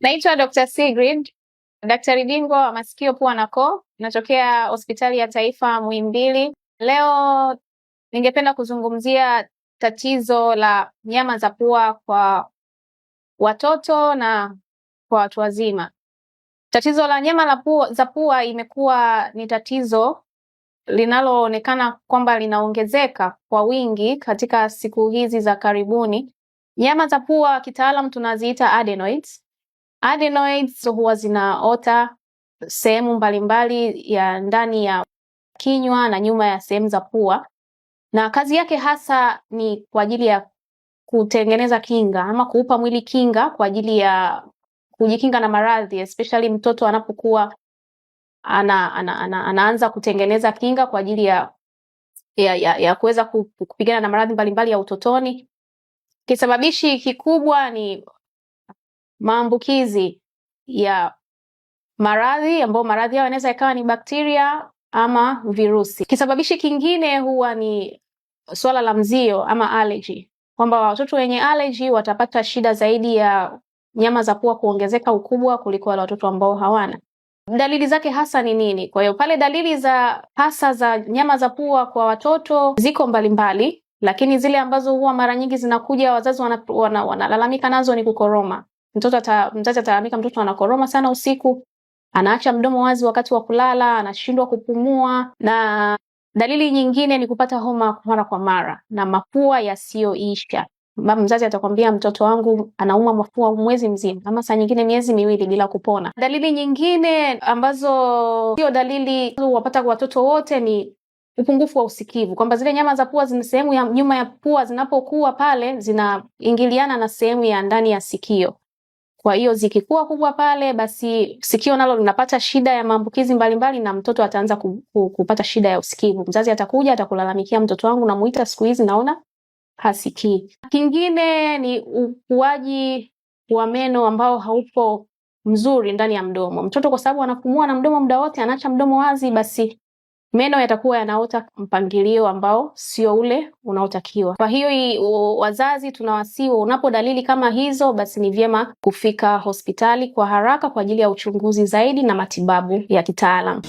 Naitwa Dr. Sigrid, daktari bingwa wa masikio, pua na koo, natokea hospitali ya taifa Muhimbili. Leo ningependa kuzungumzia tatizo la nyama za pua kwa watoto na kwa watu wazima. Tatizo la nyama la pua, za pua imekuwa ni tatizo linaloonekana kwamba linaongezeka kwa wingi katika siku hizi za karibuni. Nyama za pua kitaalam tunaziita adenoids Adenoids huwa zinaota sehemu mbalimbali ya ndani ya kinywa na nyuma ya sehemu za pua, na kazi yake hasa ni kwa ajili ya kutengeneza kinga ama kuupa mwili kinga kwa ajili ya kujikinga na maradhi, especially mtoto anapokuwa ana, ana, ana, anaanza kutengeneza kinga kwa ajili ya, ya, ya, ya kuweza kupigana na maradhi mbalimbali ya utotoni. Kisababishi kikubwa ni maambukizi ya maradhi ambayo maradhi hayo yanaweza ikawa ni bakteria ama virusi. Kisababishi kingine huwa ni swala la mzio ama allergy, kwamba watoto wenye allergy watapata shida zaidi ya nyama za pua kuongezeka ukubwa kuliko wale watoto ambao hawana. Dalili zake hasa ni nini? Kwa hiyo pale dalili za hasa za nyama za pua kwa watoto ziko mbalimbali mbali, lakini zile ambazo huwa mara nyingi zinakuja wazazi wanalalamika wana, wana nazo ni kukoroma mtoto ata, mzazi atalalamika mtoto anakoroma sana usiku, anaacha mdomo wazi wakati wa kulala, anashindwa kupumua. Na dalili nyingine ni kupata homa mara kwa mara na mafua yasiyoisha. Mzazi atakwambia mtoto wangu anauma mafua mwezi mzima, ama saa nyingine miezi miwili bila kupona. Dalili nyingine ambazo sio dalili wapata watoto wote ni upungufu wa usikivu, kwamba zile nyama za pua zina sehemu ya nyuma ya pua zinapokuwa pale zinaingiliana na sehemu ya ndani ya sikio. Kwa hiyo zikikuwa kubwa pale, basi sikio nalo linapata shida ya maambukizi mbalimbali, na mtoto ataanza kupata shida ya usikivu. Mzazi atakuja atakulalamikia, mtoto wangu namuita siku hizi naona hasikii. Kingine ni ukuaji wa meno ambao haupo mzuri ndani ya mdomo. Mtoto kwa sababu anapumua na mdomo muda wote, anaacha mdomo wazi, basi meno yatakuwa yanaota mpangilio ambao sio ule unaotakiwa. Kwa hiyo wazazi, tunawasihi unapo dalili kama hizo, basi ni vyema kufika hospitali kwa haraka kwa ajili ya uchunguzi zaidi na matibabu ya kitaalamu.